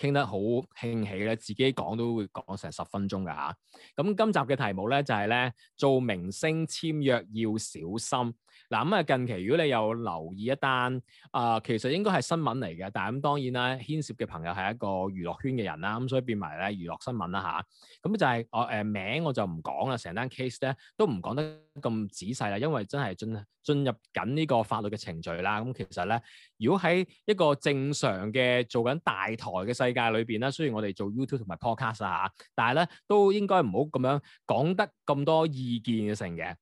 傾得好興起咧，自己講都會講成十分鐘㗎嚇、啊。咁今集嘅題目咧就係、是、咧做明星簽約要小心。嗱咁啊近期如果你有留意一單，啊、呃、其實應該係新聞嚟嘅，但係咁當然啦牽涉嘅朋友係一個娛樂圈嘅人啦，咁所以變埋咧娛樂新聞啦、啊、吓，咁就係我誒名我就唔講啦，成單 case 咧都唔講得咁仔細啦，因為真係進進入緊呢個法律嘅程序啦。咁其實咧，如果喺一個正常嘅做緊大台嘅世，世界裏邊啦，雖然我哋做 YouTube 同埋 Podcast 啊，但係咧都應該唔好咁樣講得咁多意見嘅成嘅。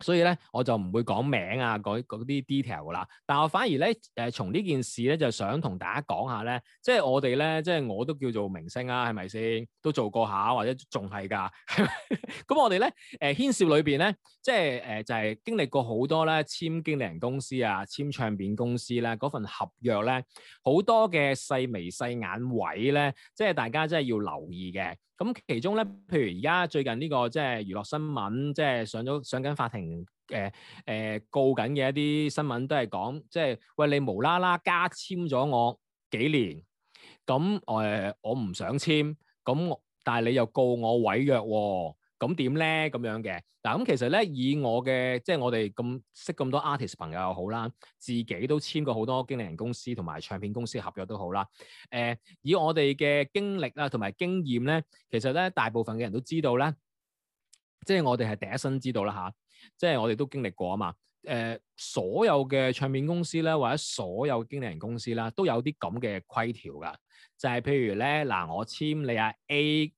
所以咧，我就唔會講名啊，嗰啲 detail 啦。但我反而咧，誒，從呢件事咧，就想同大家講下咧，即係我哋咧，即係我都叫做明星啊，係咪先？都做過下，或者仲係㗎。係咪？咁我哋咧，誒，牽涉裏邊咧，即係誒，就係經歷過好多咧，簽經理人公司啊，簽唱片公司呢，嗰份合約咧，好多嘅細眉細眼位咧，即係大家真係要留意嘅。咁其中咧，譬如而家最近呢個即係娛樂新聞，即係上咗上緊法庭。誒誒、呃呃、告緊嘅一啲新聞都係講，即、就、係、是、喂你無啦啦加簽咗我幾年，咁誒、呃、我唔想簽，咁但係你又告我違約喎、哦，咁點咧？咁樣嘅。嗱，咁其實咧，以我嘅即係我哋咁識咁多 artist 朋友又好啦，自己都簽過好多經理人公司同埋唱片公司合約都好啦，誒、呃、以我哋嘅經歷啦同埋經驗咧，其實咧，大部分嘅人都知道咧，即、就、係、是、我哋係第一身知道啦嚇。即係我哋都經歷過啊嘛、呃，所有嘅唱片公司咧，或者所有經理人公司啦，都有啲咁嘅規條㗎。就係譬如咧，嗱我簽你啊 A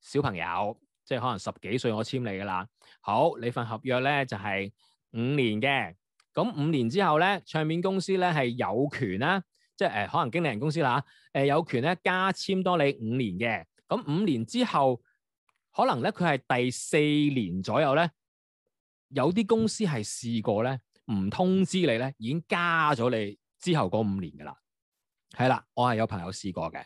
小朋友，即係可能十幾歲我簽你㗎啦。好，你份合約咧就係五年嘅。咁五年之後咧，唱片公司咧係有權啦，即係呃、可能經理人公司啦，呃、有權咧加簽多你五年嘅。咁五年之後，可能咧佢係第四年左右咧。有啲公司係試過咧，唔通知你咧，已經加咗你之後嗰五年㗎啦。係啦，我係有朋友試過嘅。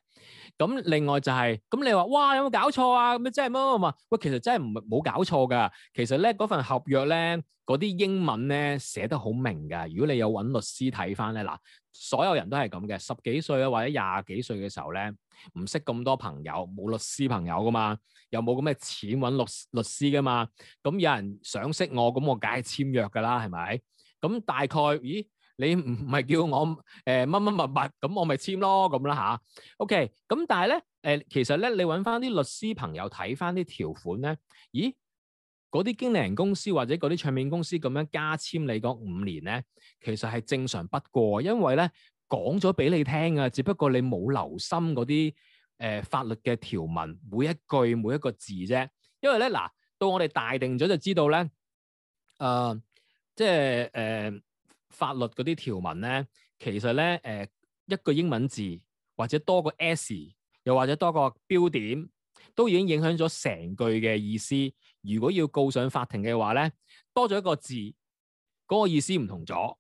咁另外就係、是，咁你話哇有冇搞錯啊？咁樣真係冇？乜乜喂，其實真係唔冇搞錯噶。其實咧嗰份合約咧，嗰啲英文咧寫得好明噶。如果你有搵律師睇翻咧，嗱，所有人都係咁嘅。十幾歲啊，或者廿幾歲嘅時候咧，唔識咁多朋友，冇律師朋友噶嘛，又冇咁嘅錢搵律律師噶嘛。咁有人想識我，咁我梗係簽約噶啦，係咪？咁大概咦？你唔係叫我誒乜乜乜，物、呃，咁我咪簽咯咁啦吓 OK，咁但係咧、呃、其實咧你搵翻啲律師朋友睇翻啲條款咧，咦？嗰啲經理人公司或者嗰啲唱片公司咁樣加簽你嗰五年咧，其實係正常不過，因為咧講咗俾你聽㗎，只不過你冇留心嗰啲、呃、法律嘅條文每一句每一個字啫。因為咧嗱，到我哋大定咗就知道咧、呃，即係誒。呃法律嗰啲條文咧，其實咧誒、呃、一個英文字或者多個 S，又或者多個標點，都已經影響咗成句嘅意思。如果要告上法庭嘅話咧，多咗一個字，嗰、那個意思唔同咗，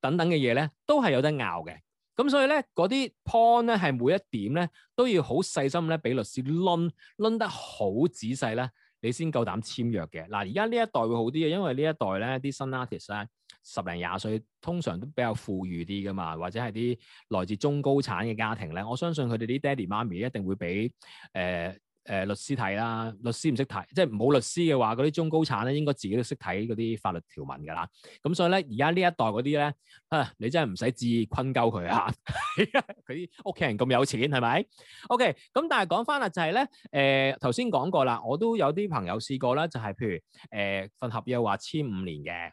等等嘅嘢咧都係有得拗嘅。咁所以咧嗰啲 point 咧係每一點咧都要好細心咧俾律師論論得好仔細咧，你先夠膽簽約嘅。嗱而家呢一代會好啲嘅，因為呢一代咧啲新 artist、啊。十零廿歲，通常都比較富裕啲噶嘛，或者係啲來自中高產嘅家庭咧。我相信佢哋啲爹地媽咪一定會俾誒誒律師睇啦，律師唔識睇，即係冇律師嘅話，嗰啲中高產咧應該自己都識睇嗰啲法律條文噶啦。咁所以咧，而家呢一代嗰啲咧，你真係唔使至意困鳩佢啊！佢屋企人咁有錢係咪？OK，咁但係講翻啦，就係咧誒頭先講過啦，我都有啲朋友試過啦，就係、是、譬如誒份、呃、合約話簽五年嘅。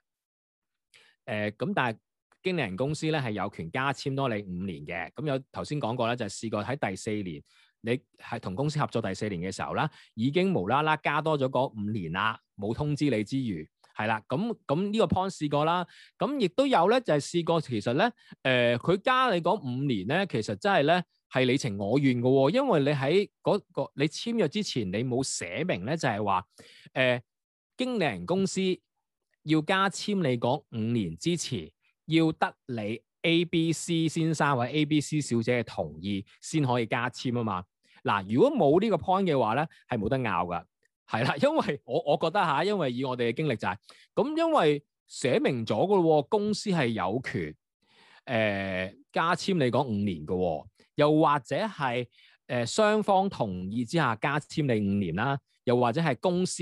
誒咁，但係經理人公司咧係有權加簽多你五年嘅。咁有頭先講過咧，就試過喺第四年，你係同公司合作第四年嘅時候啦，已經無啦啦加多咗嗰五年啦，冇通知你之餘，係啦。咁咁呢個 point 試過啦。咁亦都有咧，就係試過其實咧，誒佢加你嗰五年咧，其實真係咧係你情我願嘅喎，因為你喺嗰個你簽約之前，你冇寫明咧就係話誒經理人公司。要加簽你講五年之前，要得你 A、B、C 先生或者 A、B、C 小姐嘅同意先可以加簽啊嘛。嗱，如果冇呢個 point 嘅話咧，係冇得拗噶。係啦，因為我我覺得吓，因為以我哋嘅經歷就係咁，因為寫明咗嘅喎，公司係有權誒、呃、加簽你講五年嘅喎，又或者係誒、呃、雙方同意之下加簽你五年啦，又或者係公司。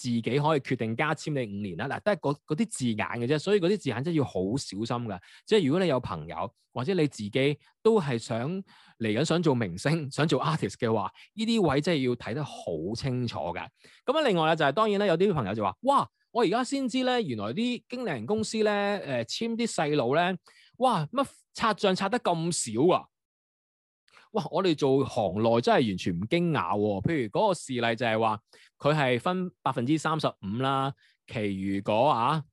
自己可以決定加簽你五年啦，嗱，都係嗰啲字眼嘅啫，所以嗰啲字眼真係要好小心噶。即係如果你有朋友或者你自己都係想嚟緊想做明星、想做 artist 嘅話，呢啲位真係要睇得好清楚噶。咁啊，另外咧就係當然咧，有啲朋友就話：「哇，我而家先知咧，原來啲經理人公司咧，誒簽啲細路咧，哇乜拆帳拆得咁少啊！哇！我哋做行內真係完全唔驚訝喎。譬如嗰個事例就係話，佢係分百分之三十五啦，其餘嗰啊，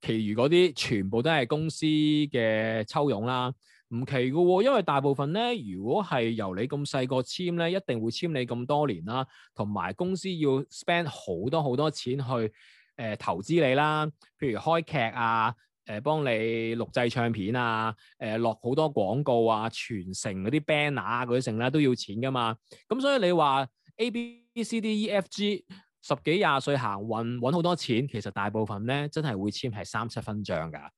其餘嗰啲全部都係公司嘅抽傭啦，唔奇噶喎。因為大部分咧，如果係由你咁細個簽咧，一定會簽你咁多年啦，同埋公司要 spend 好多好多錢去誒投資你啦，譬如開劇啊。誒、呃、幫你錄製唱片啊！呃、落好多廣告啊、全城嗰啲 banner 啊嗰啲成啦都要錢噶嘛。咁所以你話 A、B、C、D、E、F、G 十幾廿歲行運揾好多錢，其實大部分咧真係會簽係三七分帳㗎、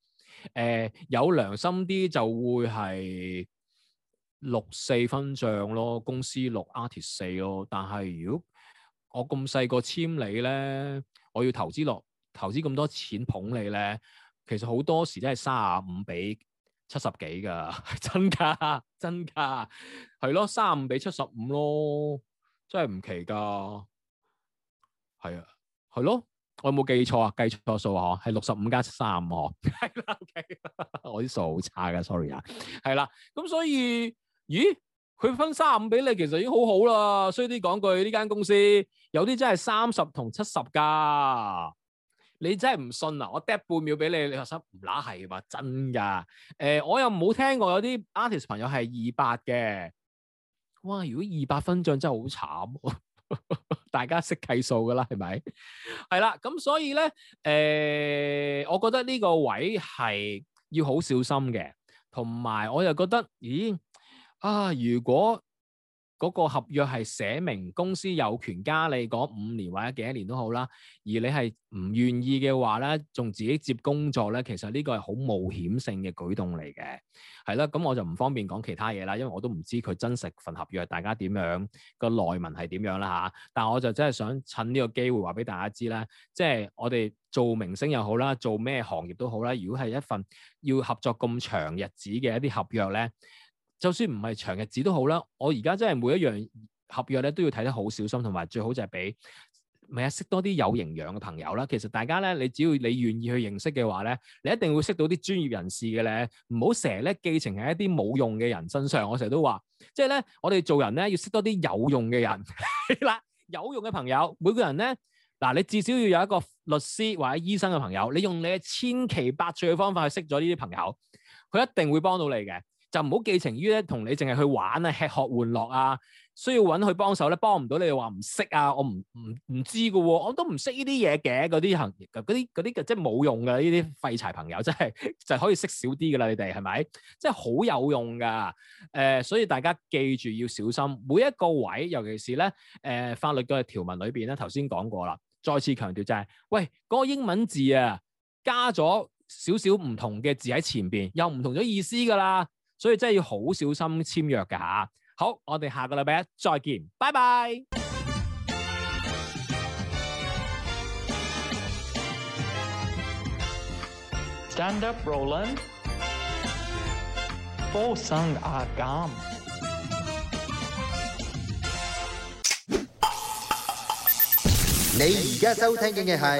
呃。有良心啲就會係六四分帳咯，公司六 artist 四咯。但係如果我咁細個簽你咧，我要投資落投資咁多錢捧你咧。其實好多時都係三十五比七十幾噶，真噶，真噶，係咯三十五比七十五咯，真係唔奇噶。係啊，係咯，我有冇記錯啊？計錯數啊？係六十五加三十五嗬？係啦， 我啲數好差噶，sorry 啊。係啦，咁所以，咦？佢分三十五俾你，其實已經好好啦。衰啲講句，呢間公司有啲真係三十同七十噶。你真係唔信啊！我嗒半秒俾你，你又生唔乸係嘛？真噶，誒、呃、我又冇聽過有啲 artist 朋友係二百嘅，哇！如果二百分賬真係好慘，啊， 大家識計數噶啦，係咪？係啦，咁所以咧，誒、呃，我覺得呢個位係要好小心嘅，同埋我又覺得，咦啊，如果～嗰個合約係寫明公司有權加你嗰五年或者幾多年都好啦，而你係唔願意嘅話咧，仲自己接工作咧，其實呢個係好冒險性嘅舉動嚟嘅，係啦。咁我就唔方便講其他嘢啦，因為我都唔知佢真實份合約大家點樣個內文係點樣啦吓，但我就真係想趁呢個機會話俾大家知啦，即係我哋做明星又好啦，做咩行業都好啦，如果係一份要合作咁長日子嘅一啲合約咧。就算唔係長日子都好啦，我而家真係每一樣合約咧都要睇得好小心，同埋最好就係俾唔啊，就係、識多啲有營養嘅朋友啦。其實大家咧，你只要你願意去認識嘅話咧，你一定會識到啲專業人士嘅咧。唔好成日咧寄情喺一啲冇用嘅人身上。我成日都話，即係咧，我哋做人咧要識多啲有用嘅人啦， 有用嘅朋友。每個人咧嗱，你至少要有一個律師或者醫生嘅朋友。你用你嘅千奇百趣嘅方法去識咗呢啲朋友，佢一定會幫到你嘅。就唔好寄情於咧，同你淨係去玩啊、吃喝玩樂啊，需要揾佢幫手咧，幫唔到你又話唔識啊，我唔唔唔知噶喎、啊，我都唔識呢啲嘢嘅嗰啲行業嗰啲啲即係冇用噶呢啲廢柴朋友，真係就是、可以識少啲噶啦，你哋係咪？即係好有用噶，誒、呃，所以大家記住要小心每一個位，尤其是咧誒、呃、法律嘅條文裏邊咧，頭先講過啦，再次強調就係、是，喂，嗰、那個英文字啊，加咗少少唔同嘅字喺前邊，又唔同咗意思噶啦。所以真係要好小心簽約㗎吓。好，我哋下個禮拜一再見，拜拜。Stand up, Roland。波生阿甘。你而家收聽嘅係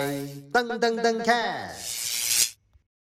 《噔噔噔 Cast》。